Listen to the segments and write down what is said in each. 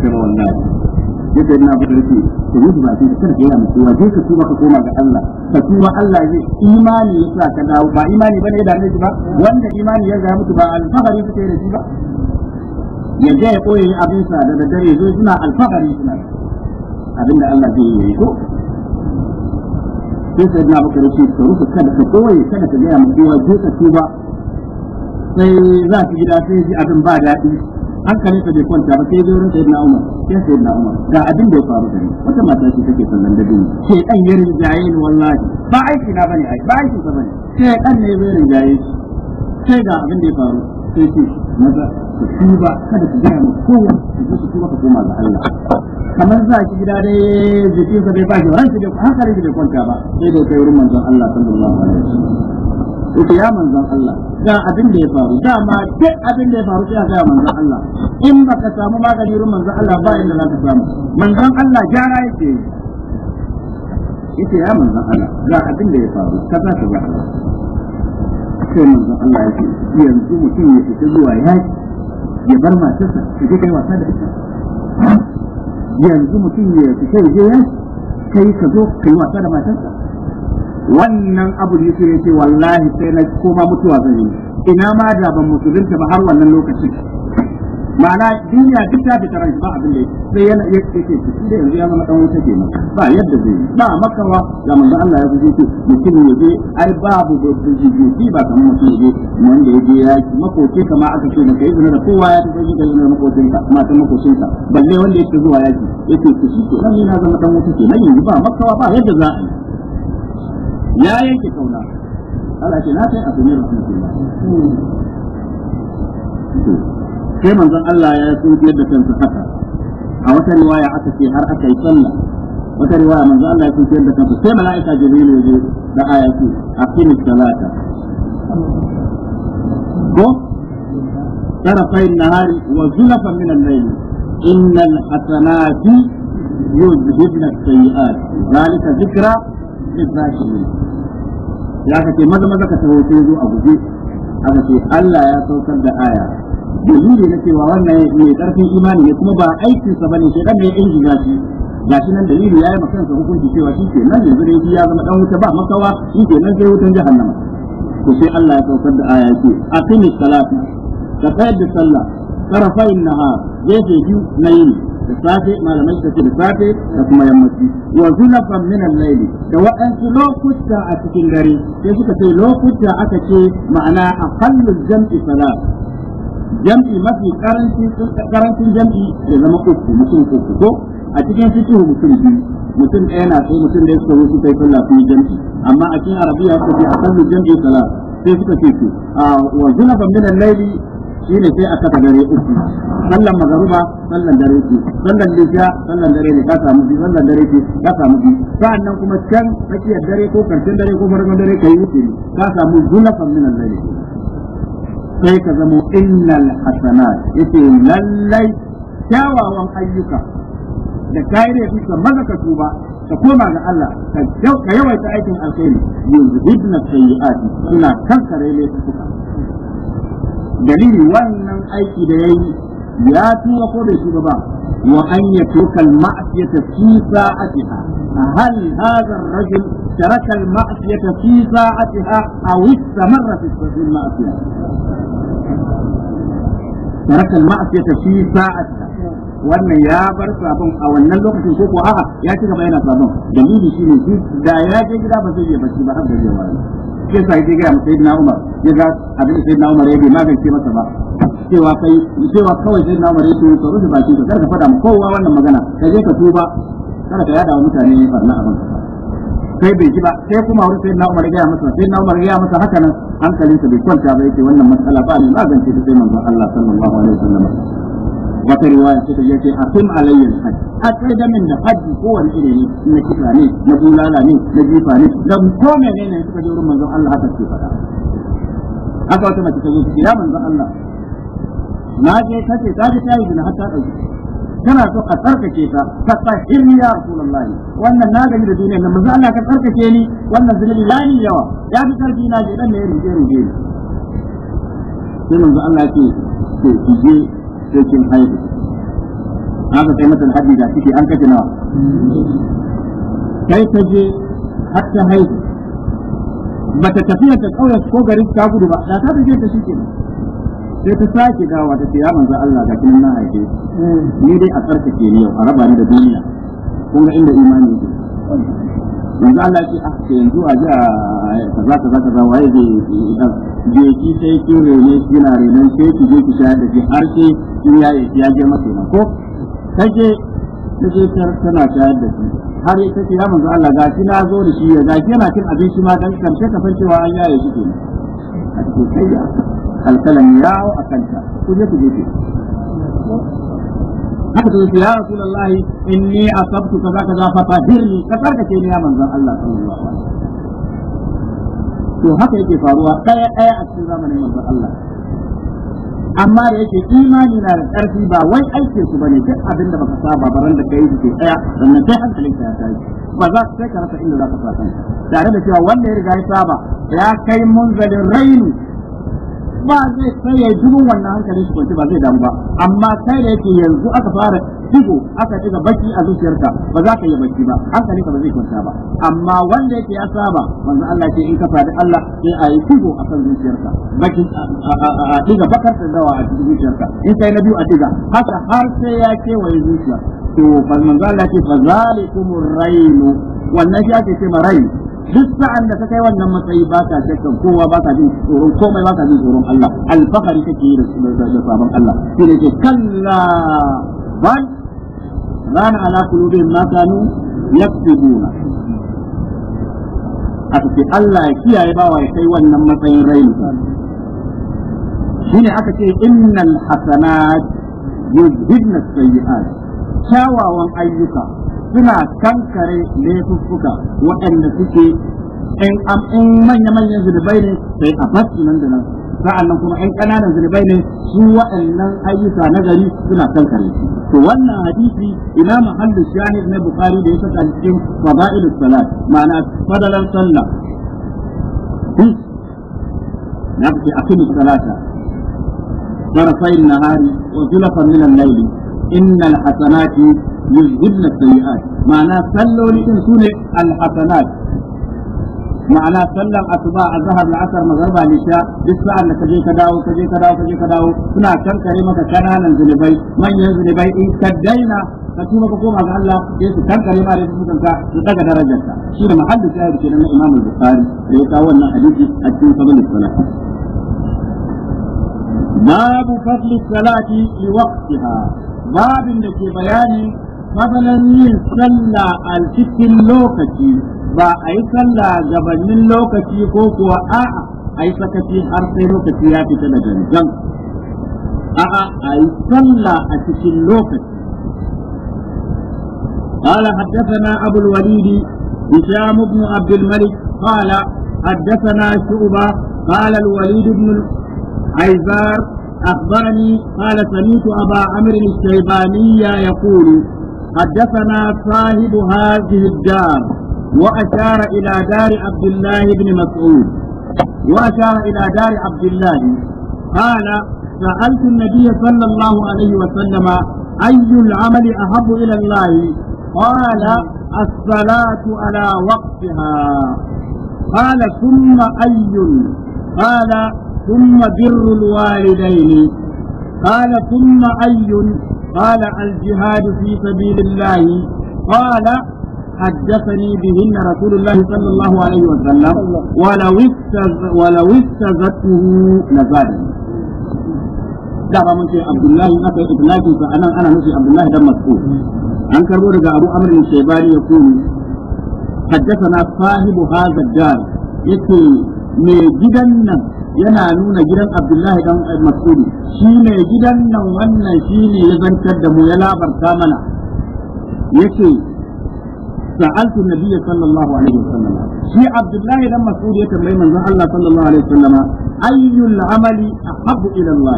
cikin wannan yadda ina bude yake ta yi ba sai kar ka yi mutu wa ka tuba ka koma ga Allah ka tuba Allah zai imani ya sa ka dawo ba imani bane ya dame shi ba wanda imani ya ga mutu ba alfahari kake da shi ba ya ga ya koyi abin sa da dare zai suna alfahari suna abinda Allah zai yi ko sai sai na baka rashi ka rufe kada ka koyi kada ka ga mutu wa ka tuba sai za ka gida sai ji abin ba daɗi hankalin sa bai kwanta ba sai zo ran sayyidina Umar sai sayyidina Umar ga abin da ya faru da ni wata mata ce take sallan da dini ke dan yarin jaye ni wallahi ba aiki na bane ai ba aiki sa bane sai dan ne yarin jaye sai ga abin da ya faru sai ce maza ku tuba kada ku gaya ma ko ku ji su tuba ku koma ga Allah kamar za ki gida dai jikin sa bai ba shi ran shi bai hankalin shi bai kwanta ba sai da kai wurin manzon Allah sallallahu alaihi wasallam Ita ya manzan Allah ga abin da ya faru dama duk abin da ya faru sai ga manzan Allah in baka samu magani ruwan manzan Allah ba inda za ka samu Manzan Allah jara yake yake ya manzan Allah ga abin da ya faru za kaza kaza sai manzan Allah yake yanzu mutum ya fita zuwa yaki ya bar matarsa su je kai wasa da ita yanzu mutum ya fita ya yaki kai ka zo kai wasa da matarsa wannan abu da yake yace wallahi sai na koma mutuwa zan yi ina ma da ban musulunta ba har wannan lokaci ma'ana duniya duk ta fita rai ba abin da sai yana yake ce shi da yanzu ya zama dan wuta kenan ba yadda zai yi ba makawa da manzo Allah ya ji shi mutum ya je ai babu jiji ba kamar mutum ya je wanda ya je ya makoci kamar aka ce maka yi da kowa ya tafi shi da yana makocin ka matan makocin ka balle wanda yake zuwa yaki yace shi kenan ni na zama dan wuta kenan yanzu ba makawa ba yadda za a ya yanke kauna ala ce na kai abu ne rasulullah sai manzon Allah ya sunkiyar da kansa haka a wata riwaya aka ce har aka yi sallah wata riwaya manzo Allah ya kuce da kansa sai malaika jibrilu ya zo da ayatu aqimi salata ko tarafai nahari wa zulafan min al-layl innal hasanati yuzhibna as-sayyi'at zalika dhikra zai sashi ne ya ka ce maza maza ka taho sai zo a guje aka ce Allah ya saukar da aya dalili na cewa wannan mai karfin imani ne kuma ba aikinsa bane shedan ne in shiga shi gashi nan dalili ya yi makansa hukunci cewa shi ke nan yanzu dai ya zama dan wuta ba makawa shi ke nan sai wutan jahannama to sai Allah ya saukar da aya ce aqimi salata ka tsayar da sallah tarafai nahar gefe biyu na yini da malamai suka ce da da kuma yammaci wa zulafan min al-layli da waɗansu lokuta a cikin dare sai suka ce lokuta aka ce ma'ana aqallu jam'i salat jam'i mafi karancin jam'i da zama uku mutum uku ko a cikin fitu mutum biyu mutum ɗaya na sai mutum da ya suka wuce kai sallah sun jam'i amma a cikin arabiya suka ce aqallu jam'i salat sai suka ce to wa zulafan min al-layli shi ne sai a saka dare uku sallan magaruba sallan dare uku sallan lisha sallan dare ne ka samu shi sallan dare ce ka samu shi sa'annan kuma can tsakiyar dare ko karshen dare ko farkon dare kai wuce ka samu zulafan min dare. sai ka zamo innal hasanat yace lallai kyawawan ayyuka da kaire da ka maza ka tuba ka koma ga Allah ka yawaita aikin alkhairi yanzu hidna sayyi'ati suna kankare ne suka Dalilin wannan aiki da ya yi ya tuba ko da shi ba wa an yatuka al-ma'siyata fi sa'atiha hal hadha ar-rajul taraka al-ma'siyata fi sa'atiha aw istamarra fi al-ma'siyah taraka al-ma'siyata fi sa'atiha wannan ya bar sabon a wannan lokacin ko ko a'a ya ci gaba yana sabon dalili shine shi da ya je gida ba zai yi bacci ba har da yawa sai sai sai ga na Umar ya ga abin sai na Umar ya bai magance masa ba cewa kai cewa kawai sai na Umar ya ce ka rufe baki ka karka faɗa kowa wannan magana ka je ka tuba kada ka yada wa mutane farna abin sai bai ji ba sai kuma wurin sai na Umar ya masa sai na Umar ya masa haka nan hankalinsa bai kwanta ba yake wannan matsala ba ne magance ta sai manzon Allah sallallahu alaihi wasallam wata riwaya ta taje ce akim alayyan hajj a tsaye da min da hajji kowane iri ne na kisa ne na bulala ne na jifa ne da ko menene ne suka je wurin manzon Allah haka ce faɗa haka wata mace ta zo ta ya manzon Allah na je kace ta ji ta yi na hatta ɗauki tana so a tsarkake ta ta tahirni ya rasulullah wannan na gani da duniya nan manzo Allah ka tsarkake ni wannan zulmi la ni yawa ya fi karfi na je dan ne rige rige sai manzo Allah ya ce to ki je cikin haihu aka kai mata haddi da ciki an kace nawa kai ta je har ta haihu bata tafiya ta kauye ko garin ta gudu ba da ta je ta shike sai ta sake dawa ta ce ya manzo Allah ga kin na haife ni dai a karka ke yau a raba ni da duniya kun ga inda imani ke manzo Allah ya ce a ah, yanzu a ji a kaza kaza kaza waye zai jeki sai ki rene kina renon sai ki je ki shayar da shi har sai in ya yi ya je masa na ko kaje kaje tana shayar da shi har ya kace ya manzo Allah ga shi na zo da shi ya ga yana cin abinci ma dan karshe ka san cewa an yaye shi kenan a cikin kai ya alkalam ya a akanta ku je ku je ki haka tace ya rasulullahi inni asabtu kaza kaza fa tahirni ka sarkace ni ya manzo Allah sallallahu alaihi wasallam to haka yake faruwa ɗaya ɗaya a cikin zamanin manzon Allah amma da yake imani na da ƙarfi ba wai aikin su bane duk abin da baka saba ba ran da kai yake ɗaya sannan sai hankalin ka ya tashi ba za ka sai ka rasa inda za ka fara kanka tare da cewa wanda ya riga ya saba ya kai munzalin raini ba zai sai ya jirin wannan hankalin shi kwanci ba zai damu ba amma sai da yake yanzu aka fara digo aka diga baki a zuciyarka ba za ka yi baki ba hankalin ka ba zai kwanta ba amma wanda yake ya saba wanzu Allah ce in ka fadi Allah sai a yi digo a kan zuciyarka baki a diga bakar da dawa a cikin zuciyarka in kai na biyu a diga haka har sai ya kewaye zuciya to manzo Allah ce fa zalikumur rainu wannan shi ake ce ma duk sa'an da ka kai wannan matsayi ba ka shakkan kowa ba ka jin tsoron komai ba ka jin tsoron Allah alfahari kake yi da sabon Allah shi da ke kalla bal rana ala kulubin ma kanu yaktubuna a ce Allah ya kiyaye bawa ya kai wannan matsayin raini shine aka ce innal hasanat yuzhibna sayyi'at kyawawan ayyuka suna kankare laifuffuka waɗanda suke in am in manya manyan zunubai ne sai a fasu nan da nan sa'annan kuma in ƙananan zunubai ne su waɗannan ayyuka na gari suna kankare to wannan hadisi ina mahallin shahid na bukhari da ya saka cikin fadailus salat ma'ana fadalan sallah hmm. na fi akimu salata طرفي wa zulafan من الليل إن الحسنات يذهبن السيئات معنى صلوا لإنسون الحسنات معنى صلى الأصباع الظهر العصر مغربا لشاء لسعى أن تجي كداو تجي كداو تجي كداو كنا كم كريمة كنانا زنبي من يزنبي كدينا فتوما كقوم على الله يس كم كريمة رسمك كا لتك درجة كا شير محل سائر شير من إمام البخاري يتاونا حديثي أكتون قبل الصلاة باب فضل الصلاة لوقتها babin da ke bayani matsalan yin sallah a cikin lokaci ba a yi sallah gabanin lokaci ko kuwa a'a a yi sakaci har sai lokaci ya fita da gangan a'a a yi sallah a cikin lokaci قال حدثنا أبو الوليد هشام بن عبد الملك قال حدثنا شعبة قال الوليد بن العيزار أخبرني قال سمعت أبا عمرو الشيباني يقول حدثنا صاحب هذه الدار وأشار إلى دار عبد الله بن مسعود وأشار إلى دار عبد الله قال سألت النبي صلى الله عليه وسلم أي العمل أحب إلى الله قال الصلاة على وقتها قال ثم أي قال ثم بر الوالدين قال ثم أي قال الجهاد في سبيل الله قال حدثني بهن رسول الله صلى الله عليه وسلم ولو استزد ولو استزدته لزاد دابا من شيء عبد الله أبي إبلاج فأنا أنا من عبد الله دم مسكوت عن كربو رجع أبو أمر الشيباني يقول حدثنا صاحب هذا الدار يقول من جدا yana nuna gidan Abdullahi dan Mas'udi shi ne gidan nan wannan shi ne ya zantar da mu ya labarta mana yace sa'altu nabiyyi sallallahu alaihi wasallam shi Abdullahi dan Mas'udi ya tambayi manzon Allah sallallahu alaihi wasallam ayyul amali ahabbu ila Allah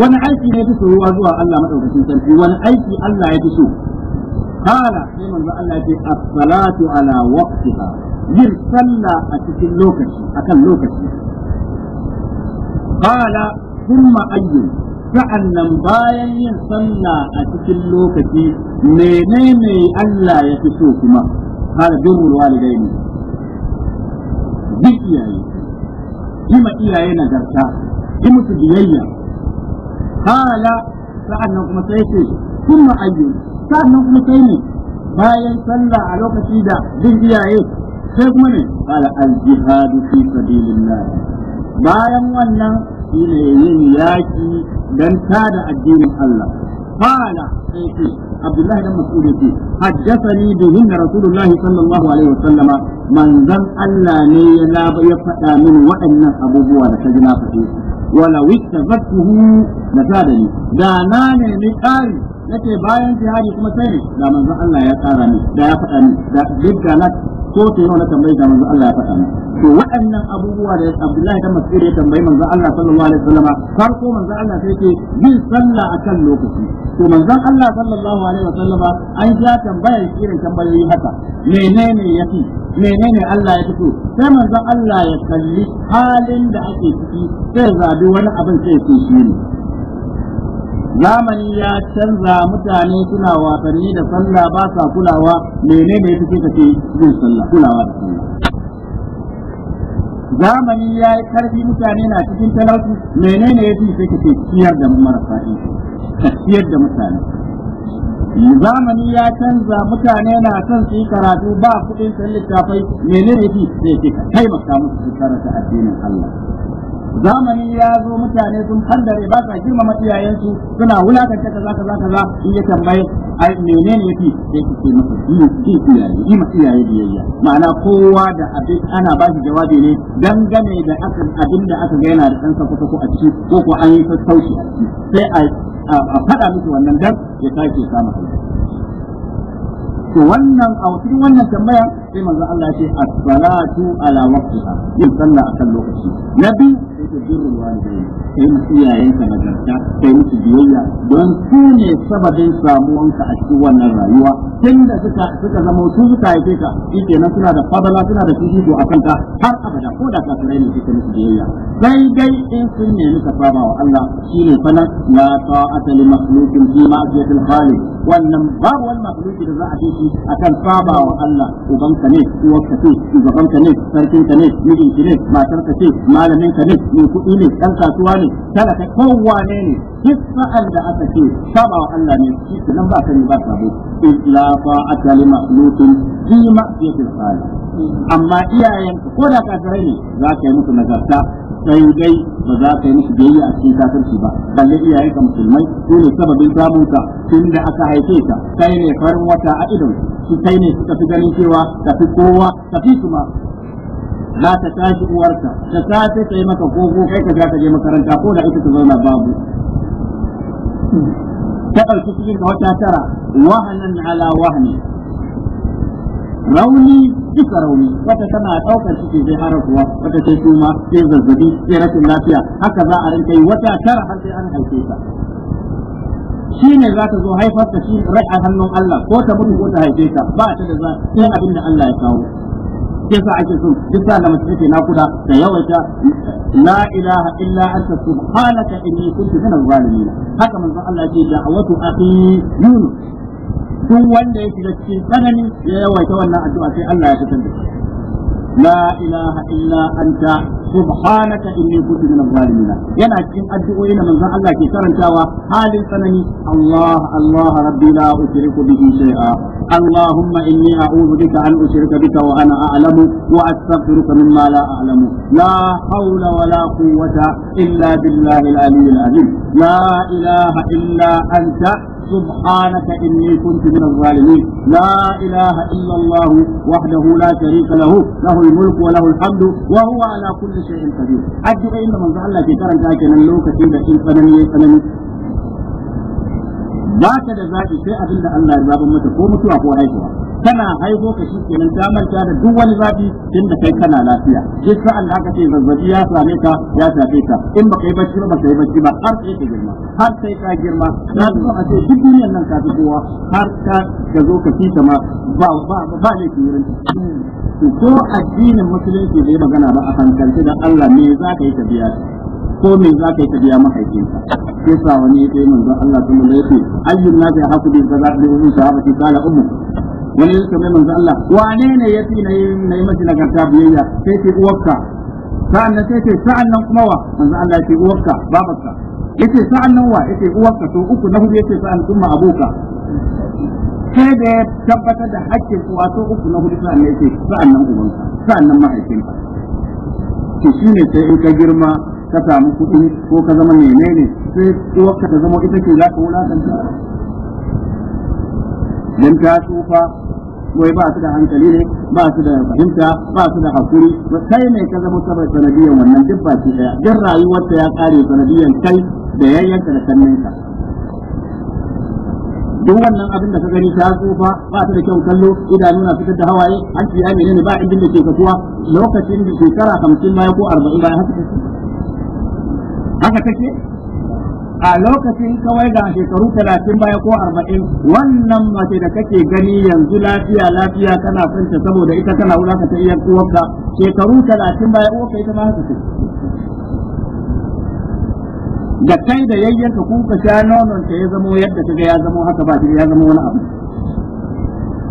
wani aiki ne fi soyuwa zuwa Allah madaukakin sarki wani aiki Allah ya fi so قال sai manzo Allah ya ce as-salatu ala waqtiha yin sallah a cikin lokaci akan lokaci qala thumma ayyu sa'annan bayan yin sallah a cikin lokaci menene Allah ya fi so kuma har birrul walidaini duk iyaye yi ma iyaye nagarta yi musu biyayya qala sa'annan kuma sai ce thumma ayyu sa'annan kuma sai ne bayan sallah a lokaci da bin iyaye sai kuma ne qala al jihadu fi sabilillah bayan wannan shine yin yaki dan tada addinin Allah qala sai ce Abdullahi dan Mas'ud yace haddathani bihin Rasulullah sallallahu alaihi wasallam manzan Allah ne ya laba ya faɗa min waɗannan abubuwa da kaji na faɗe wala wittazatuhu na tadani da na ne ni ƙari nake bayan jihadi kuma sai da manzon Allah ya tsara ni da ya faɗa ni da duk ko ta yi wani tambayi da manzo Allah ya faɗa mu to waɗannan abubuwa da Abdullahi dan Mas'ud ya tambayi manzo Allah sallallahu alaihi wasallam farko manzo Allah sai ce yin sallah akan lokaci to manzo Allah sallallahu alaihi wasallam an ja tambayar irin tambayoyi haka menene yafi menene Allah ya fito sai manzo Allah ya kalli halin da ake ciki sai zabi wani abin sai ce shi ne zamani ya canza mutane suna wasanni da sallah ba sa kulawa menene ya fi kake zai sallah kulawa da sallah zamani ya yi karfi mutane na cikin talauci menene ya fi kake kace ciyar da marasa ka ciyar da mutane zamani ya canza mutane na son su yi karatu ba kuɗin sun littafai menene ya fi kake taimaka musu su karanta addinin Allah zamani ya zo mutane sun fandare ba sa girmama iyayensu suna wulakanta kaza kaza kaza in ya tambaye menene yafi sai ke ce masa yi ki iyaye yi ma iyaye biyayya ma'ana kowa da abin ana ba shi jawabi ne dangane da akan abin da aka ga yana da sa kusa ko a ciki ko ko an yi sassauci a ciki sai a faɗa musu wannan dan ya sake samu to wannan a wasu wannan tambayar sai manzo Allah ya ce as-salatu ala waqtiha yin sallah akan lokaci na biyu sai ka jirru walidai kai musu iyayenka nagarta kai musu biyayya don su ne sababin ka a cikin wannan rayuwa tun da suka suka zama su suka haife ka yake na suna da fadala suna da fifiko akan ka har abada ko da kafirai ne suka musu biyayya sai dai in sun nemi ka saba wa Allah shine fa la ta'ata li makhluqin fi ma'siyatil khaliq wannan babu wani makhluqi da za a ce shi akan saba wa Allah ubanka ka ne uwarka ce shugaban ka ne sarkin ka ne mijin ka ne matar ka ce malamin ka ne mai kuɗi ne dan kasuwa ne ta kowane ne duk sa'an da aka ce saba wa Allah ne shi nan ba ne ba sabo illa fa'ata li makhluqin fi ma'siyatil khaliq amma iyayen ko da kafirai ne za ka yi musu nagarta sai dai ba za ka yi musu biyayya a cikin kafirci ba balle iyayen ka musulmai su ne sababin samun ka tun da aka haife ka kai ne farin wata a idon su kai ne suka fi ganin cewa ka fi kowa ka fi su za ta tashi uwarka ta safe ta yi maka koko kai ka za ka je makaranta ko da ita ta zauna babu ta ɗauki cikin wata tara wahanan ala wahani rauni duka rauni wata tana ɗaukar ciki sai harakuwa wata ce suma sai zazzabi sai rashin lafiya haka za a rinka yi wata tara har sai an haife ta shi ne za ta zo haifar da shi rai a hannun Allah ko ta mutu ko ta haife ta ba ta da za sai abin da Allah ya kawo yasa ake so duk sa da mace take nakuda da yawaita la ilaha illa anta subhanaka inni kuntu minaz zalimin haka manzon Allah ya ce da'awatu akhi yunus duk wanda ya shiga cikin tsanani ya yawaita wannan addu'a sai Allah ya fitar da la ilaha illa anta subhanaka inni kuntu minaz zalimin yana cikin addu'o'i na manzon Allah ke karantawa halin tsanani Allah Allah rabbi la ushriku bihi shay'a اللهم إني أعوذ بك أن أشرك بك وأنا أعلم وأستغفرك مما لا أعلم لا حول ولا قوة إلا بالله العلي العظيم لا إله إلا أنت سبحانك إني كنت من الظالمين لا إله إلا الله وحده لا شريك له له الملك وله الحمد وهو على كل شيء قدير أجل إن من زعل في كرم ذاك أن لو كتيبة إن فنني فنني ba ka da zaɓi sai abin da Allah ya zaɓa mata ko mutuwa ko haihuwa kana haifo ka shi kenan ta manta da duk wani zafi inda kai kana lafiya duk sa'an da aka ce zazzabi ya same ka ya shafe ka in baka yi bacci ba baka yi bacci ba har sai ka girma har sai ka girma na zo a ce duk duniyar nan ka fi kowa har ka ga zo ka fi ma ba ba ba ne ki wurin ko addinin musulunci bai magana ba a hankali da Allah me za ka yi ka biya ko me za ka yi ka biya mahaifinka yasa wani ya ce manzon Allah sallallahu alaihi wasallam ayyun nasi hasu da kaza bi umu sahabati qala ummu wani ya tambaye manzo Allah wane ne ya fi na yi mace nagarta biyayya sai ce uwarka sa'an nan sai ce sa'an nan kuma wa manzo Allah ya ce uwarka babarka yace sa'an nan wa yace uwarka to uku na hudu yace sa'an kuma aboka sai da ya tabbatar da hakkin uwa to uku na hudu sa'an nan yace sa'an nan ubanka sa'an nan mahaifinka shi ne sai in ka girma ka samu kuɗi ko ka zama menene sai uwarka ta zama ita ce za ka wulakanta dan ta tsufa wai ba su da hankali ne ba su da fahimta ba su da hakuri ba kai ne ka zama saboda sanadiyan wannan duk ba su daya duk rayuwar ta ya kare sanadiyan kai da yayyanka da sanninka duk wannan abin da ka gani ta tsufa ba ta da kyau kallo idanu na fitar da hawaye hanci ya menene ba inda da ke kasuwa lokacin da shekara 50 baya ko 40 baya haka take haka take a lokacin kawai da shekaru talatin baya ko arba'in wannan mace da kake gani yanzu lafiya lafiya kana kwanta saboda ita kana ta iya uwarka shekaru talatin baya uwarka ita ma haka ce da kai da yayyanka kuka sha nonon ta ya zamo yadda kaga ya zamo haka ba ya zamo wani abu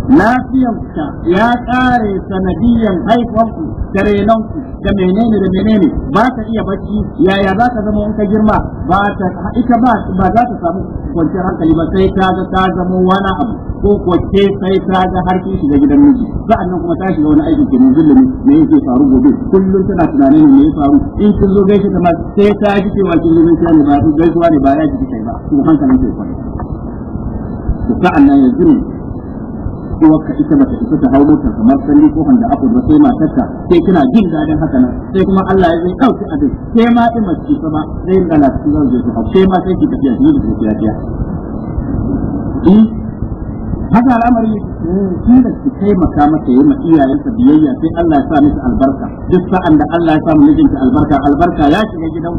lafiyarka ya kare sanadiyan haifanku da renonku da menene da menene ba ka iya bacci yaya za ka zama in ka girma ba ta ita ba ba za ta samu kwanciyar hankali ba sai ta ga ta zama wani abu ko kwace sai ta ga har kin shiga gidan miji sa'annan kuma ta shiga wani aikin kenan zulumi me yake faru gobe kullum tana tunanin me ya faru in kun zo gaishe ta ma sai ta ji cewa kin zo ne ba gaisuwa ne ba ya ji kai ba kuma hankalin kai kwana sa'annan ya zulumi cewa ka ita baka isa ta hau mota kamar sanyi ko handa aku ba sai matarka sai kina jin dadin haka nan sai kuma Allah ya zai dauki abin sai ma din mace sama sai in Allah ki zai ta hau sai ma sai ki tafiya ki tafi tafiya hmm? haka al'amari shi da su kai maka mata yi ma iyayensa biyayya sai Allah ya sa miki albarka duk sa'an da Allah ya sa mijinta albarka albarka ya shiga gidan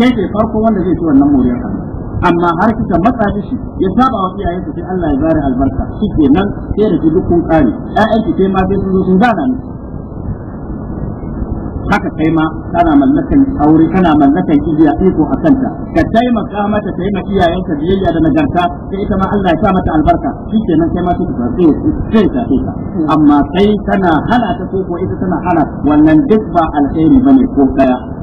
sai ke farko wanda zai ci wannan moriyar Allah amma har kika matsa da shi ya saba wa iyaye su sai Allah ya zare albarka shi ke nan sai da duk kun kare ƴaƴan ki sai ma sai sun zo sun ni haka kai ma kana mallakan aure kana mallakan igiya iko a kanta ka taimaka mata ta yi ma biyayya da nagarta sai ita ma Allah ya sa mata albarka shi ke nan kai ma sai ka sai ka sai ka amma kai kana hana ta ko ita tana hana wannan duk ba alheri bane ko kaya.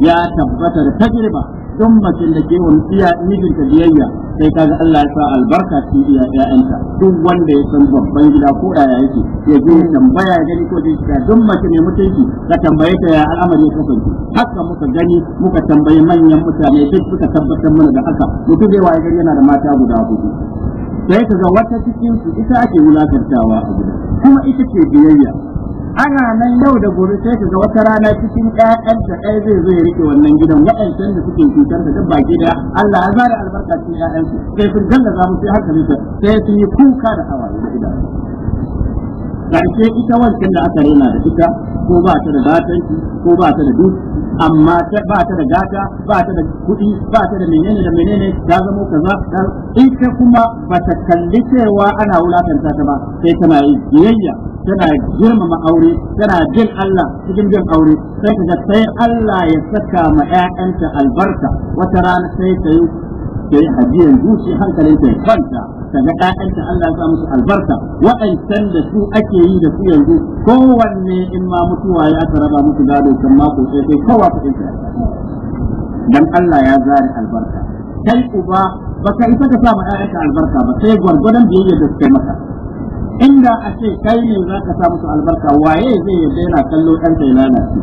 ya tabbatar da tajriba don mutum da ke wa iya mijinta biyayya sai kaga Allah ya sa albarka ya iya ƴaƴanta duk wanda ya san babban gida ko da ya yake ya je ya tambaya ya gani ko da shi don mutum mai mutunci ka tambaye ta ya al'amari ya kasance haka muka gani muka tambayi manyan mutane duk suka tabbatar mana da haka mutum zai waye gari yana da mata guda hudu sai ka ga wata cikin su ita ake wulakantawa a gida kuma ita ce biyayya ana nan yau da gobe sai ka ga wata rana cikin ƴaƴan ta ɗaya zai zo ya rike wannan gidan waɗancan da suke cutar da dabba gida Allah ya zara albarkacin cikin su sai sun dalla za mu sai haka ne sai sun yi kuka da hawaye da ƙarshe ita wancan da aka rena da ita ko ba ta da batanci ko ba ta da duk amma ba ta da gata ba ta da kuɗi ba ta da menene da menene ta zamo kaza ita kuma ba ta kalli cewa ana wulakanta ta ba sai tana yi biyayya tana girmama aure tana jin Allah cikin jin aure sai kaga sai Allah ya saka ma ƴaƴanta albarka wata rana sai ta yi ta yi hajiyar zuci hankalin ya kwanta Daga ƴaƴanta Allah ya musu albarka waɗancan da su ake yi da su yanzu kowanne in ma mutuwa ya karaba raba musu gado kan mako sai sai kowa ta dan Allah ya zare albarka kai uba baka isa ka sa ma ƴaƴanka albarka ba sai gwargwadon biyayya da suka maka inda a ce kai ne za ka sa musu albarka waye zai yarda yana kallo ɗanka ya lalace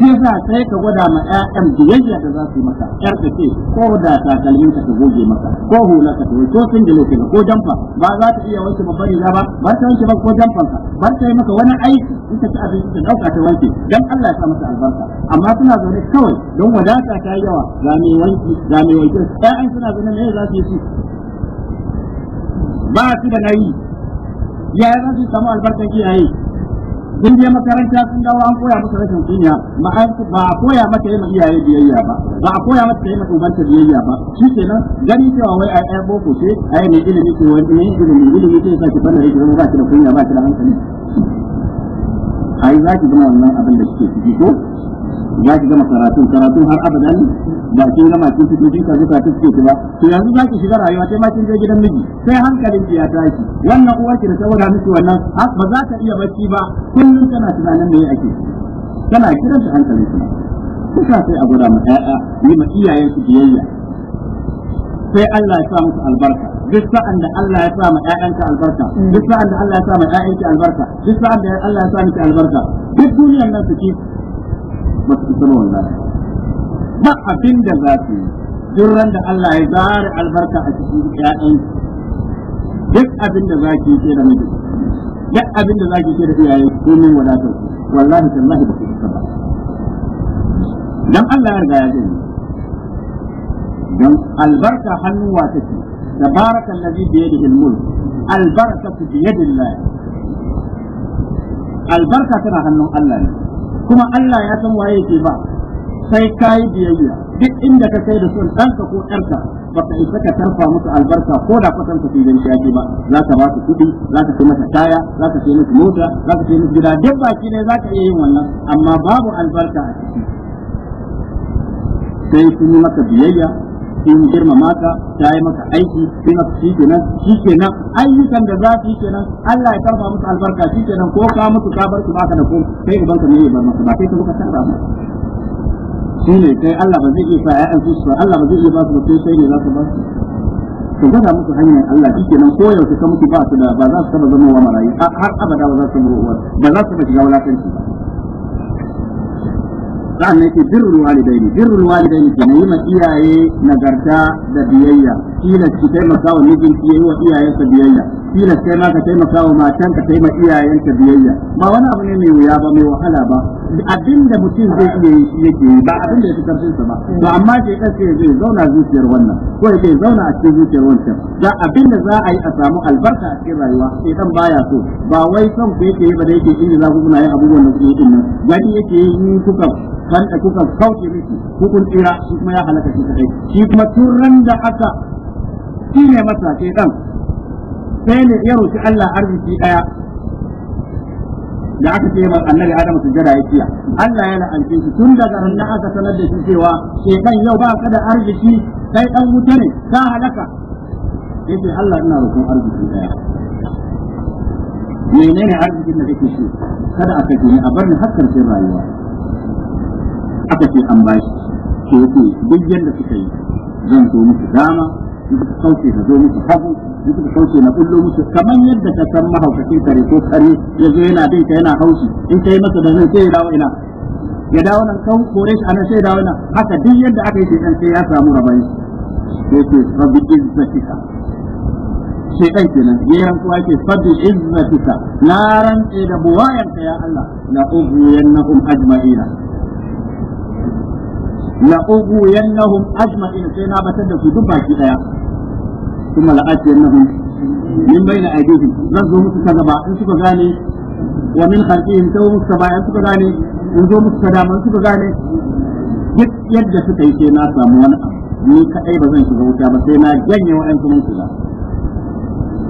shi yasa sai ka gwada ma ƴaƴan biyayya da za su yi maka ƴar ka ce ko da takalmin ka ta goge maka ko hula ka ta ko singile ka ko jamfa ba za ta iya wanke babban riga ba ba ta wanke ba ko jamfa ka ba ta yi maka wani aiki in ka ci abinci ta dauka ta wanke dan Allah ya sa maka albarka amma suna zaune kawai don wadata ta yawa ga mai wanki ga mai wanki ƴaƴan suna zaune me za su yi ba su da nayi yaya za su samu albarkan iyaye in je makaranta sun dawo an koya maka rashin kunya ba a koya maka yi iyaye biyayya ba ba a koya mata yi ubanta biyayya ba shi kenan gani cewa wai a ɗaya boko ce yi mai ilimi ce wani ne ilimi ilimi ce sa ki fara rike ba ki da kunya ba ki da hankali ai za ki gina wannan abin da kike ciki ko ya shiga makaratun karatun har abadan ba kin gama kin fito kin karbi ka tuske ki ba to yanzu zaki shiga rayuwa sai ma kin je gidan miji sai hankalin ki ya tashi wannan uwar ki da saboda miki wannan ba za ta iya bacci ba kullum tana tunanin me yake. tana kiran ta hankalin ki kuka sai a gwada maka ƴaƴa ni ma iyayen su biyayya sai Allah ya sa musu albarka duk sa'an da Allah ya sa ma ƴaƴanka albarka duk sa'an da Allah ya sa ma ƴaƴanki albarka duk sa'an da Allah ya sa miki albarka duk duniyar nan su ci ba su fito wannan ba abin da za su yi duk ran da Allah ya zare albarka a cikin ƴaƴan duk abin da za ki ce da miji duk abin da za ki ce da iyaye komin wadatar wallahi tallahi ba ku isa ba dan Allah ya riga ya ce dan albarka hannu wa take tabaraka allazi bi yadihi al-mulk albarakatu bi yadillahi albarka tana hannun Allah ne kuma Allah ya san waye ke ba sai kai biyayya duk inda ka kai da son ɗanka ko ɗarka, ba ka isa ka tarfa musu albarka ko da kwatan ka filin ke ba za ka ba su kuɗi za ka kai kaya za ka kai musu mota za ka kai musu gida duk baki ne za ka iya yin wannan amma babu albarka a ciki sai sun yi maka biyayya sun girmama ka ta yi maka aiki sai maka shi kenan shi kenan ayyukan da za su kenan Allah ya karba musu albarka shi kenan ko ka musu ka bar su baka da ko sai uban ka ne ya bar maka ba kai ka muka tsara ba shi ne kai Allah ba zai iya sa ya'yan su ba Allah ba zai iya ba su ba sai ne za su ba su ka gwada musu hanyar Allah shi kenan ko yaushe ka musu ba su da ba za su taba zama wa marayi har abada ba za su ba za su ba shiga wulakanci ba sa'an nan yake birrul walidaini birrul walidaini ke yi ma iyaye nagarta da biyayya tilas ki taimaka wa mijinki yayi wa iyayensa biyayya tilas kai ma ka taimaka wa ka taima iyayenka biyayya ba wani abu ne mai wuya ba mai wahala ba abinda mutum zai iya yi yake yi ba abinda ya fi karfin sa ba to amma ke kan sai zai zauna zuciyar wannan ko ya ke zauna a cikin zuciyar wancan da abinda za a yi a samu albarka a cikin rayuwa sai dan baya so ba wai son ku yake yi ba da yake in za ku kuna yin abubuwan da kuke yi din nan gani yake yi kuka kuka kauce miki hukun tsira shi kuma ya halaka shi kadai shi kuma tun da aka shi ne masa ke ɗan? sai ne ya roki Allah arziki ɗaya? da aka ce mai annabi Adam sujjada ya kiya Allah ya la'ance shi tun daga ranar aka sanar da shi cewa shaitan yau ba ka da arziki sai ɗan wuta ne ka halaka yace Allah ina roƙon arziki ɗaya. menene arzikin da kake so kada a kashe ni a bar ni har karshen rayuwa aka ce an bashi Ke yake duk yadda suka yi zan so musu dama da sauke da zo musu hagu da suka sauke na kullo musu kamar yadda ka san mahaukacin kare ko kare ya zo yana bin ka yana haushi in ka yi masa da nan sai ya dawo ina ya dawo nan kan kore shi anan sai ya dawo ina. haka duk yadda aka yi shekan sai ya samu rabai sai ce rabbi izzatika shekan kenan ya rantsuwa ce fadil izzatika na rantse da buwayanka ya Allah la ughwiyannahum ajma'ina la ughwiyannahum ajma'ina sai na batar da su duk baki daya ثم منهم من بين أيديهم نزلوا متكذبا كذبا إن سكوا غاني ومن خلفهم سووا مثل سبا إن سكوا غاني ونزلوا مثل كذبا إن سكوا غاني duk يد suka yi sai na samu wani abu ni kaɗai ba zan shiga wuta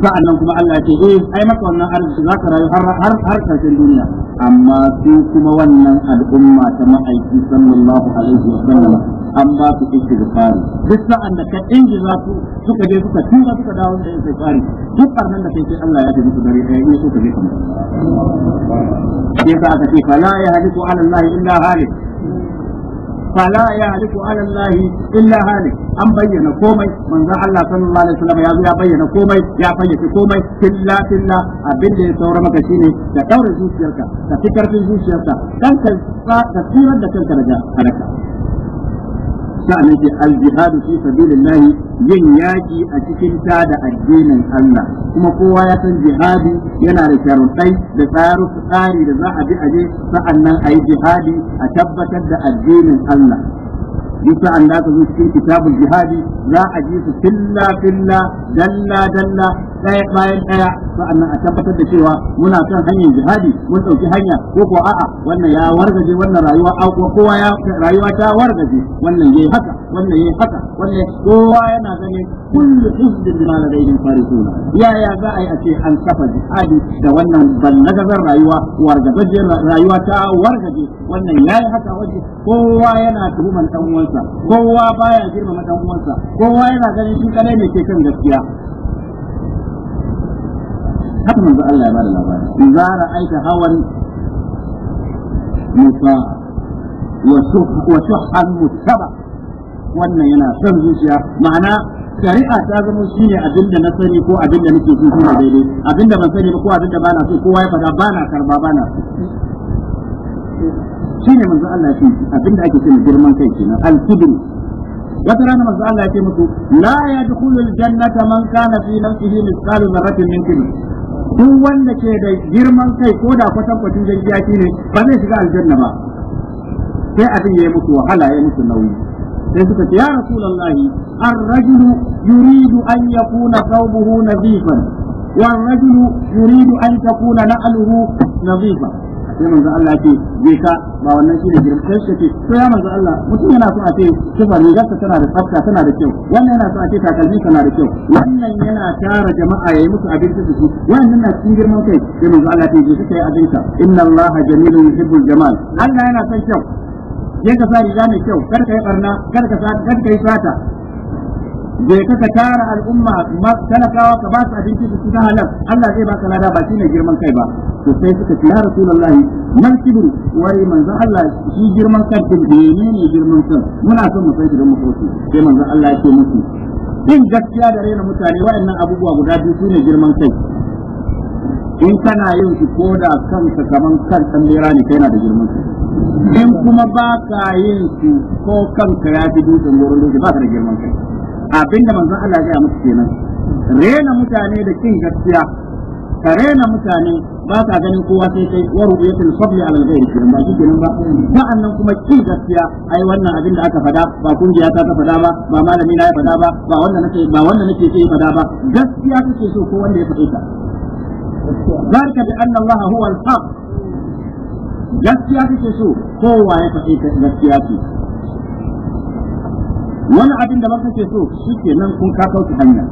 sa'annan kuma Allah ya ce eh ai maka wannan arziki zaka rayu har har har karshen duniya amma su kuma wannan al'umma ta ma'aiki sallallahu alaihi wa sallam an ba su istighfari duk sa'an da ka ingiza su suka je suka tura suka dawo da istighfari duk farnan da sai Allah ya ce musu dare ɗaya in suka je sai ka aka ce fa la ala Allah illa halik فلا يعرف على الله إلا هالك أم بين كومي من ذا الله صلى الله عليه وسلم يا بين كومي يا بين كومي كلا كلا أبدا يتورى مكشيني تتورى زوجيرك تفكر في زوجيرك كانت تسيرا لكنك رجاء أنك sa'anin ce aljihadu fi sabilillahi yin yaƙi a cikin ta da addinin Allah kuma kowa ya san jihadi yana da sharuɗai da tsaru tsari da za a bi aje sa'annan a yi jihadi a tabbatar da addinin Allah duk sa'an da ka zo cikin kitabul jihadi za a ji su filla filla dalla dalla ɗaya bayan ɗaya sa'annan a tabbatar da cewa muna kan hanyar jihadi mun ɗauki hanya ko ko a'a wannan ya wargaje wannan rayuwa kowa ya rayuwa ta wargaje wannan yayi haka wannan yayi haka wannan kowa yana ganin kullu hizbin bima ladayhim farihun ya ya za a yi a ce an safa jihadi da wannan ballagazar rayuwa wargaje rayuwa ta wargaje wannan yayi haka waje kowa yana tuhuman dan uwansa kowa baya girmama dan uwansa kowa yana ganin shi kadai ne ke kan gaskiya haka manzo Allah ya bada labari idza ra'aita hawan musa wa shuh wa shuhan mutaba wannan yana son zuciya ma'ana shari'a ta zama shine abinda na sani ko abinda nake so shi daidai abinda ban sani ba ko abinda bana na so kowa ya faɗa bana na karba ba na ne manzo Allah shi abinda ake cewa girman kai kenan al-kibr wata rana manzo Allah ya ce musu la yadkhulul jannata man kana fi nafsihi mithqalu dharratin min kibr duk wanda ke da girman kai ko da kwatan kwatan jangiyaki ne ba zai shiga aljanna ba sai abin ya yi musu wahala ya yi musu nauyi sai suka ce ya rasulullahi ar-rajulu yuridu an yakuna thawbuhu nadifan والرجل يريد أن تكون نعله نظيفة sai manzo Allah ce je ka ba wannan shine girma sai ce to ya manzo Allah mutum yana so a ce kifa rigarsa tana da tsafta tana da kyau wannan yana so a ce takalmi tana da kyau wannan yana tara jama'a yayi musu abinci su wannan na cikin girman kai sai manzo Allah ce je ka yi abinka inna Allah jamilun yuhibbul jamal Allah yana son kyau je ka sa riga mai kyau kar ka yi barna kar ka kar ka yi sata zai ka tara al'umma talakawa ka ba su abinci su ta halar. Allah zai baka lada ba ne girman kai ba to sai suka ce ya rasulullah man kibru wai manzo Allah shi girman kai din ne girman kai muna son mu sai da mu koshi sai manzo Allah ya ce musu in gaskiya da raina mutane waɗannan abubuwa guda biyu su ne girman kai in kana yin su ko da kanka kaman kan san mera ne kai na da girman kai in kuma ba ka yin su ko kanka ya fi dutsen wurin dutse ba ka da girman kai abinda manzon Allah ya musu kenan rena mutane da kin gaskiya ka rena mutane ba ka ganin kowa sai kai wa ru'yatul sabli ala al-ghayr kenan ba shi kenan ba nan kuma kin gaskiya ai wannan abin da aka fada ba kungiya ta ta fada ba ba malami na ya fada ba ba wannan nake ba wannan nake sai fada ba gaskiya kake so ko wanda ya fada ta barka bi anna Allah huwa al-haq gaskiya kake so kowa ya fada gaskiya ce wani abin da ba kake so shi ke nan kun ka kauce hanya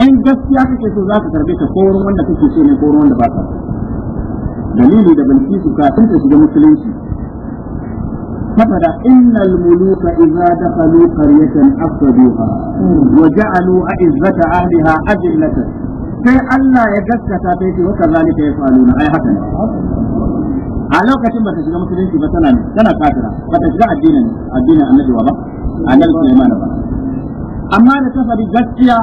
in gaskiya kake so za ka karbe ta ko wurin wanda kake so ne ko wurin wanda ba ka dalili da bilkisu kafin ta shiga musulunci فقد إن الملوك إذا دخلوا قرية أفسدوها وجعلوا أعزة أهلها أجلة sai Allah ya gaskata ta yake wata zalika ya faru na ai haka ne a lokacin ba ta shiga musulunci ba tana tana kafira ba ta shiga addinin addinin annabi ba annabi Sulaiman ba amma da ta fadi gaskiya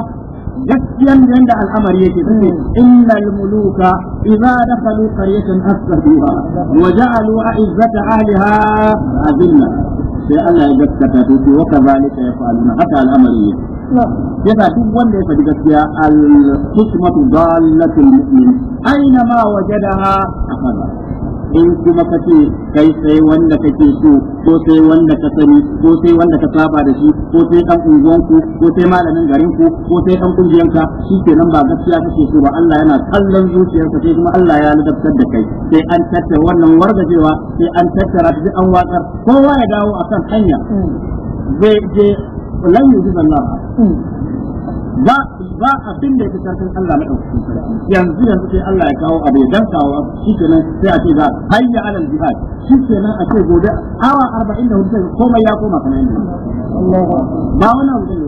gaskiyan da yanda al'amari yake take innal muluka idza dakhalu qaryatan asbahuha wa ja'alu a'izzata ahliha azilla sai Allah ya gaskata to ce wa kazalika yaf'aluna haka al'amari yake yasa duk wanda ya fadi gaskiya al hikmatu dallatul mu'min aina ma wajadaha akhadha in kuma ka ce kai sai wanda kake so ko sai wanda ka sani ko sai wanda ka saba da shi ko sai dan unguwanku ko sai malamin garin ku ko sai dan kungiyanka shi kenan ba gaskiya kake so ba Allah yana kallon zuciyarka sai kuma Allah ya ladabtar da kai sai an tattara wannan wargajewa sai an tattara shi an watsar kowa ya dawo akan hanya hmm. zai je lan yuzi ba ba abin da yake karfin Allah na ɗauki yanzu yanzu sai Allah ya kawo abu ya kawo shi kenan sai a ce za hayya alal jihad shi kenan a ce gobe awa 40 da hudu komai ya koma kana yin ba wannan abu yi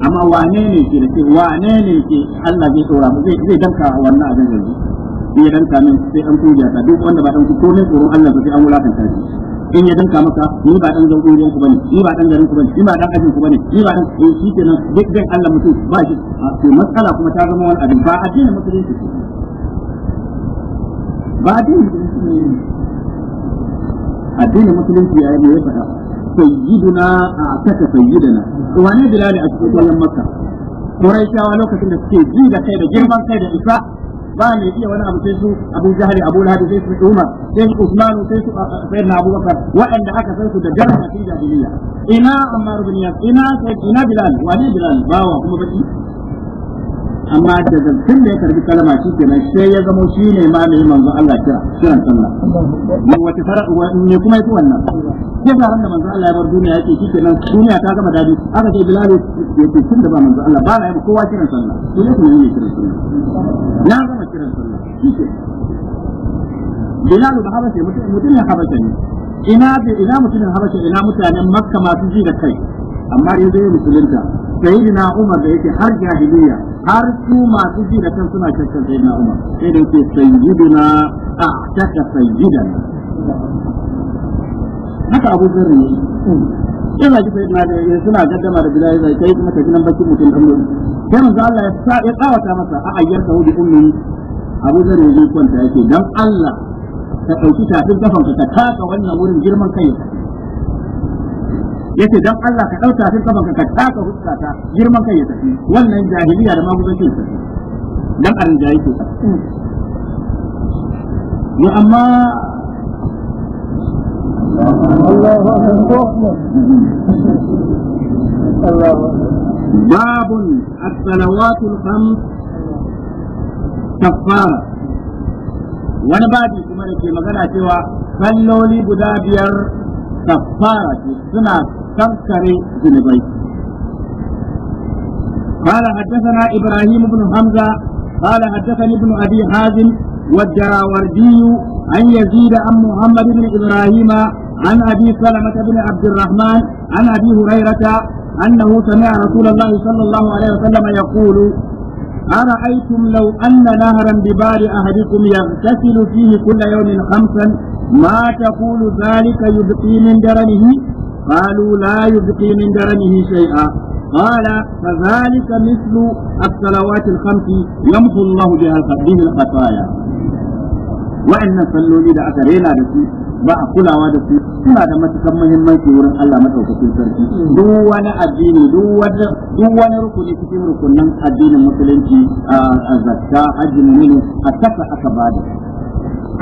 amma wane ne ke da ke wane ne ke Allah zai tsora mu zai danka wannan abin yanzu ya dan kamin sai an kuja ta duk wanda ba dan ko ne tsoron Allah sai an wulakanta shi in ya danka maka ni ba dan zan guriyar ku bane ni ba dan garin ku bane ni ba dan ajin ku bane ni ba dan eh shi kenan duk dai Allah mutum ba shi to matsala kuma ta zama wani abin ba addinin musulunci ba addinin musulunci addinin musulunci ya yi faɗa sayyiduna a saka sayyiduna wani dilali a cikin kwallon makka Quraishawa lokacin da suke ji da kai da girman kai da isa ba mai iya wani abu sai su Abu Jahal Abu Lahab sai su Umar sai su Usman sai su uh, uh, Sayyidina Abu Bakar waɗanda aka san su da jarar da jahiliya ina Ammar bin Yasir ina ina Bilal wani Bilal bawa kuma baki amma daga da ya karbi kalma shi kenan sai ya shi ne ma mai manzo Allah kira kiran sallah wace fara ne kuma wannan ya fara da manzo Allah ya bar duniya yake shi duniya ta gama dadi aka ce bilal tun da ba manzo Allah ba na yi kowa kiran sallah ne kuma kiran sallah na gama kiran sallah shi ke bilal da habashe mutum habashe ne ina ina habashe ina mutanen makka masu ji da kai amma ya zai musulunta na Umar da yake har jahiliya har su masu ji da kan suna shakkar na Umar sai da yake sayyiduna a taka sayyidan haka abu zarri yana ji na da suna gaddama da bilal da kai kuma tafi nan bakin mutum dan mutum sai manzo Allah ya tsawata masa a ayyar hu hudu ummi abu zarri ya kwanta yake dan Allah ka ɗauki tafin kafan ka taka wannan wurin girman kai yace dan Allah ka dauka tun kafanka ka taka ta girman kai ya tafi wannan jahiliya da maguzanci ta dan arin jayi ke ne amma Allahu akbar Allahu باب الصلوات الخمس كفارة wani babi kuma da ke magana cewa kalloli guda biyar kafara ce suna kankare zunubai قال حدثنا ابراهيم بن حمزه قال حدثني ابن ابي حازم والدراوردي عن يزيد عن محمد بن ابراهيم عن ابي سلمه بن عبد الرحمن عن ابي هريره انه سمع رسول الله صلى الله عليه وسلم يقول أرأيتم لو أن نهرا ببار أحدكم يغتسل فيه كل يوم خمسا ما تقول ذلك يبقي من درنه قالوا لا يبقي من درنه شيئا قال فذلك مثل الصلوات الخمس يمحو الله بها به الخطايا وإن صلوا إذا أترينا بسيط ba a kulawa da su suna da matukan muhimmanci wurin Allah madaukakin sarki duk wani addini duk wani rukuni cikin rukunin addinin musulunci a zakka hajji mu'minu a saka aka bada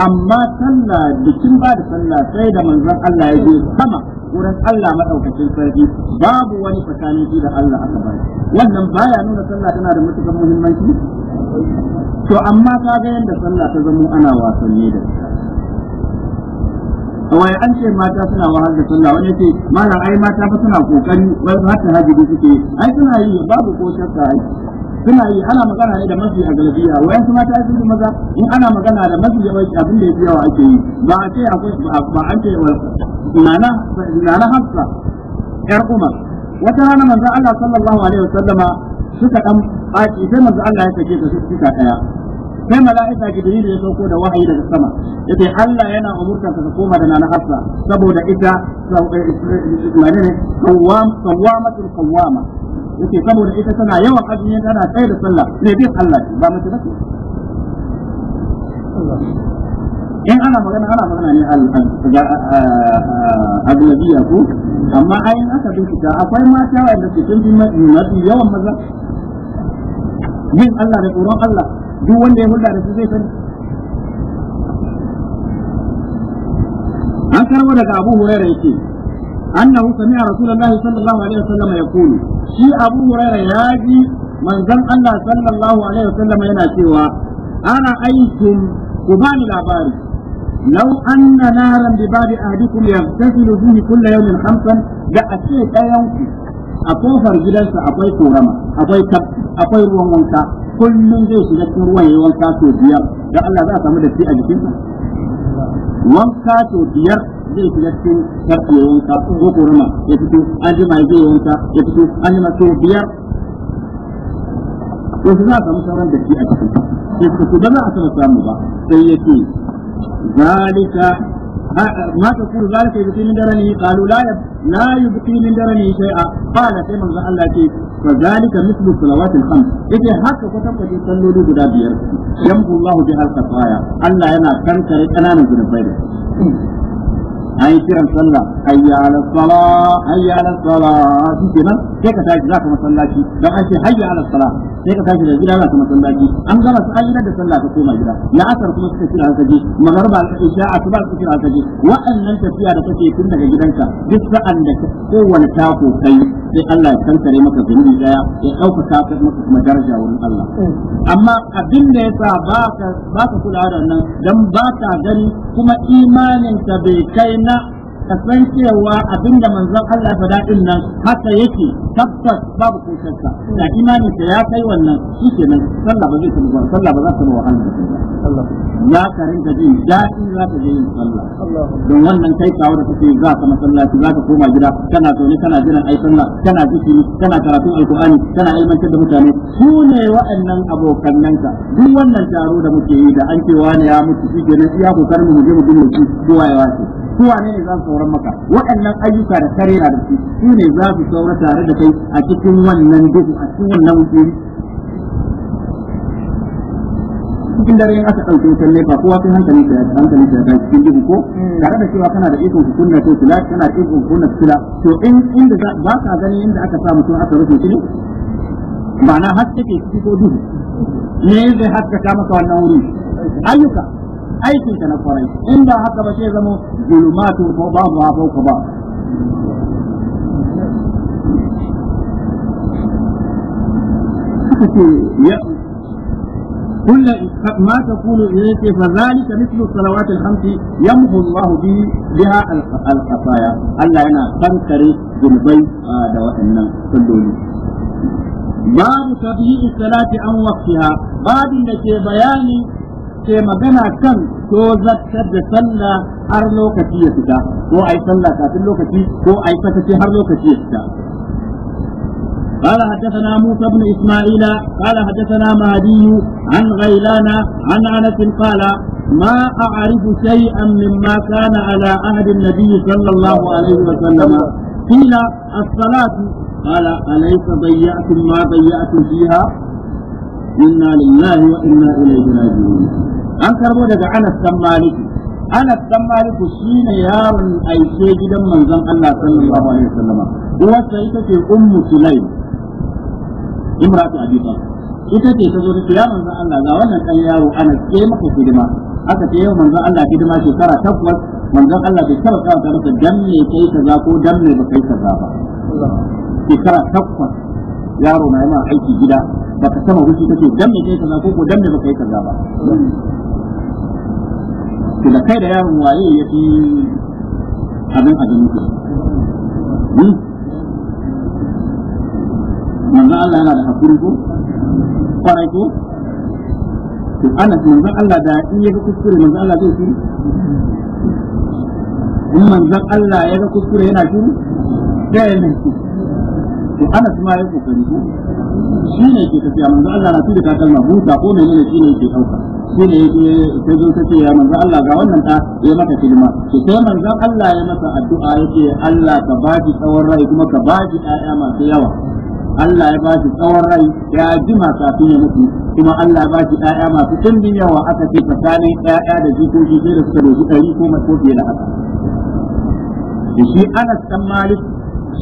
amma sallah bikin ba da sallah sai da manzon Allah ya je sama wurin Allah madaukakin sarki babu wani tsakanin da Allah aka bada wannan baya nuna sallah tana da matukan muhimmanci to amma ka ga yadda sallah ta zama ana wasanni da ita wai an ce mata suna wahal da sallah wani ce mana ai mata fa suna kokari wai har ta hajji suke ai suna yi babu ko shakka ai suna yi ana magana ne da mafi a galabiya wai su mata sun yi maza in ana magana da mafi yawanci abin da ya fi yawa ake yi ba a ce akwai ba an ce nana nana hafsa yar umar wata rana manzo Allah sallallahu alaihi wasallama suka dan baki sai manzo Allah ya sake ta suka daya sai mala'ika jibril ya dauko da wahayi daga sama yace Allah yana umurtar ka koma da nana hafsa saboda ita manene qawwam qawwamatul qawwama yace saboda ita tana yawan azumi tana tsaye da sallah ne bin Allah ba mace ba in ana magana ana magana ne aglabiya ko amma ayin aka bincika akwai mata wanda su sun mafi yawan maza yin Allah da tsoron Allah duk wanda ya hulɗa da su zai sani an karbo daga abu hurairah yake annahu sami'a rasulullahi sallallahu alaihi wasallam yaqulu shi abu hurairah ya ji manzon Allah sallallahu alaihi wasallam yana cewa ana aikin ku ba ni labari لو أن نارا بباب أهلكم يغتسل فيه كل يوم خمسا لأتيت يوم أقوفر جلسة أقوي كورما أقوي كبت ruwan روان kullum zai shiga cikin ruwan yayin wanka to biyar dan Allah za a samu da shi a sa wanka to biyar zai shiga cikin sharfi yayin wanka ko kuma ya fito an jima zai wanka ya fito an jima to biyar wasu za a samu sauran da shi a sa sai ku ba za a samu ba sai yake zalika ما تقول ذلك يبقي من درنه قالوا لا يب... لا يبقي من درنه شيئا قال كما قال الله فذلك مثل الصلوات الخمس إذا حتى كتبت في صلوا بدا بير يمحو الله بها الخطايا الله ينا كركر أنا نزل بيده an yi kiran sallah hayya ala sala hayya ala sala shi nan sai ka tashi za ka masallaci dan an ce hayya ala sala sai ka tashi da gida za ka masallaci an gama su ayyana da sallah ka koma gida ya asar kuma suka kira ka je magarba ka isha asuba suka kira ka je wa'annan tafiya da kake tun daga gidanka duk sa'an da kowane tafo. kai sai Allah ya kankare maka zunubi daya ya ɗaukaka ka maka kuma daraja wurin Allah mm. amma abin da yasa baka ka ba ka kula da nan dan ba gani kuma imanin bai kai na ka san cewa abinda manzon Allah faɗa din nan haka yake tabbas babu ko shakka da imani da ya kai wannan nan sallah ba zai kuma ba sallah ba za ta ruwa Allah ya karin da jin daɗi za ta je yin sallah don wannan kai kawo da kake za ka masallaci za ka koma gida kana zaune kana jiran ai sallah kana zikiri kana karatu alqur'ani kana ilmantar da mutane su ne waɗannan abokan ka duk wannan taro da muke yi da an ce ne ya mutu shi nan iya kokarin mu je mu dinga shi kowa ya wace su wane ne za su sauran maka waɗannan ayyuka da kare da su su ne za su saura tare da kai a cikin wannan duhu a cikin wannan wuri cikin dare aka ɗauke wutar nefa kowa sai hankali ta yaka hankali ta yaka cikin duhu ko mm. tare da cewa kana da ikon ku kunna to tula kana da ikon kunna tula to in inda ba ka gani inda aka sa mutum aka rufe shi ne na haske ke ciki ko duhu ne zai haskaka maka wannan wuri ayyuka aikin ka na kwarai in ba haka ba sai zamo zulumatu ko babu ha fauka ba كل ما تقول إليك فذلك مثل الصلوات الخمس يمحو الله به بها الخطايا ألا أنا تنكري ذنبي هذا وإن كلوني باب تبييع الصلاة عن وقتها باب لك بيان ke magana kan ko zartar da sallah har lokaci ya fita ko ai sallah kafin lokaci ko ai sakaci har lokaci ya fita قال حدثنا موسى بن اسماعيل قال حدثنا مهدي عن غيلان عن انس قال ما اعرف شيئا مما كان على عهد النبي صلى الله عليه وسلم قيل الصلاه قال اليس ضيعتم ما ضيعتم فيها an karbo daga Anas dan Malik Anas dan Malik shine yaron aike gidan manzon Allah sallallahu alaihi wasallam ita ce ummu Sulaim imratu Abi ita ce ta zo ta ya manzo Allah ga wannan dan yaro ana ke maka hidima aka ce yau manzo Allah hidima shekara takwas manzo Allah bai taba kawo masa dan kai kaza ko dan ba kai kaza ba shekara takwas yaro na yana aiki gida baka sama wuce kace dan me kai kaza ko ko dan me baka yi kaza ba to da kai da yaron waye ya fi abin abin muku hmm? manzo Allah yana da hakuri ko kwarai ko to ana manzo Allah da in ya kuskure manzo Allah zai shi in manzon Allah ya ga kuskure yana shiru da yana shiru to ana kuma ya kokari ko shi ne ke tafiya manzo Allah na tuda takalma buta ko ne shi ne ke dauka shi ne yake sai zo sai ya manzo Allah ga wannan ta ya maka kilma to sai manzo Allah ya masa addu'a yake Allah ka baki tsawon rai kuma ka baki ƴaƴa masu yawa Allah ya bashi tsawon rai ya jima kafin ya mutu kuma Allah ya bashi ɗaya masu dimbin yawa aka ce tsakanin ɗaya da jikoki sai da suka doki ɗari ko mai ko da haka. Da shi Anas ɗan Malik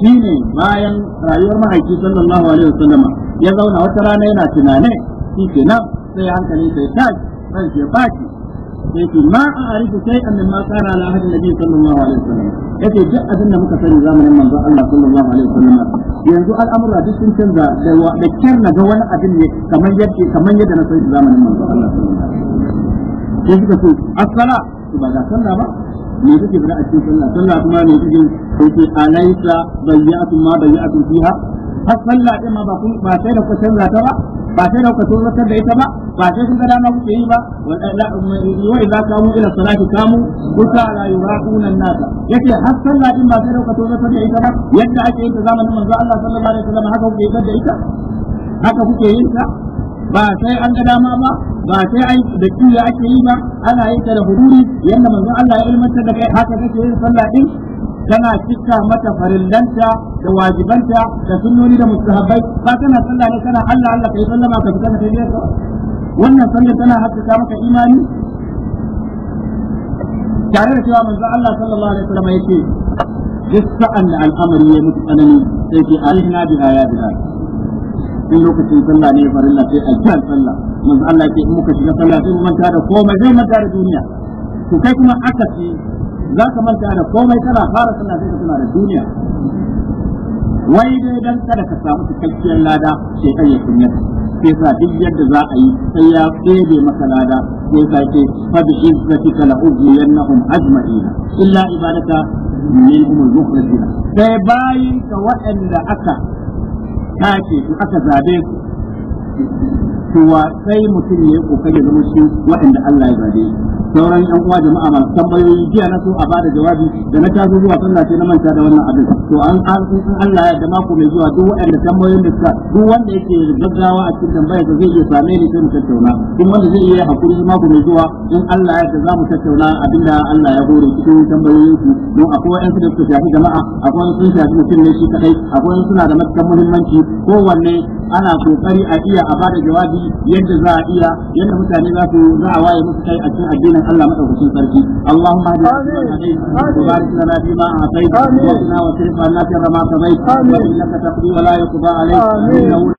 shine bayan rayuwar mahaifi sallallahu alaihi wasallama ya zauna wata rana yana tunane shi ke nan sai hankali sai tashi ran shi baki sai ce ma a arifu sai an min ma kana ala hadin nabi sallallahu alaihi wasallam yace duk abin da muka sani zamanin manzo Allah sallallahu alaihi wasallam yanzu al'amura duk sun canza da wa da kyar na ga wani abin ne kamar yadda kamar yadda na sani zamanin manzo Allah sallallahu alaihi wasallam sai suka ce as ba ga sallah ba me kake fara a cikin sallah sallah kuma me kake kake alaisa bayyatun ma bayyatun fiha har sallah din ma ba kun ba sai da ku canza ta ba ba sai da ku tozartar da ita ba ba sai kun ga dama kuke yi ba wa idza kamu ila salati kamu kuka la yuraquna an-nas yace har sallah din ba sai da ku tozartar da ita ba yadda ake yin ta zamanin manzo Allah sallallahu alaihi wasallam haka kuke yi da ita haka kuke yin ta ba sai an ga dama ba ba sai ai da kiyaye ake yi ba ana yin ta da huduri yanda manzon Allah ya ilmantar da kai haka kake yin sallah din Tana cika mata farillanta da wajibanta da sunnoni da mustahabbai ba kana sallah ne kana Allah Allah kai sallama ka fita da kai wannan sallah tana haskaka maka imani tare da cewa manzon Allah sallallahu alaihi wasallam yake duk sa'an da al'amari ya mutu tsanani sai ke alihna bi ayatina in lokacin sallah ne farilla sai a kiyar sallah manzo Allah ya ce in muka shiga sallah sai mun manta da komai zai manta da duniya to kai kuma aka ce za ka manta da komai kana fara sallah sai ka tuna da duniya wai dai dan kada ka samu cikakkiyar lada sai kai ya sunnata sai sa duk yadda za a yi sai ya tsebe maka lada sai sa ce fa bi izzatika la uziyannahum ajma'ina illa ibadaka minhum al-mukhlisina sai bayin ka waɗanda aka tace su aka zabe ku kowa sai mutum ya yi kokari zama cikin waɗanda Allah ya zabe sauran yan uwa jama'a masu tambayoyi jiya na so a bada jawabi da na taso zuwa sallah sai na manta da wannan abin to an an Allah ya da mako mai zuwa duk waɗanda tambayoyin da suka duk wanda yake gaggawa a cikin tambayar da zai iya same ni sai mu tattauna duk wanda zai iya hakuri mako mai zuwa in Allah ya da za mu tattauna abinda Allah ya hore cikin tambayoyin su don akwai wa'ansu da suka shafi jama'a akwai wani sun shafi mutum ne shi kadai akwai wani suna da matakan muhimmanci kowanne ana kokari a iya a bada jawabi yadda za a iya yadda mutane za su za a waye musu kai a cikin addinin Allah madaukakin sarki Allahumma hadi hadith wa barik lana fi ma a'tayt wa qina wa sirif anna fi ma qadayt wa innaka taqdi wa la yuqda alayk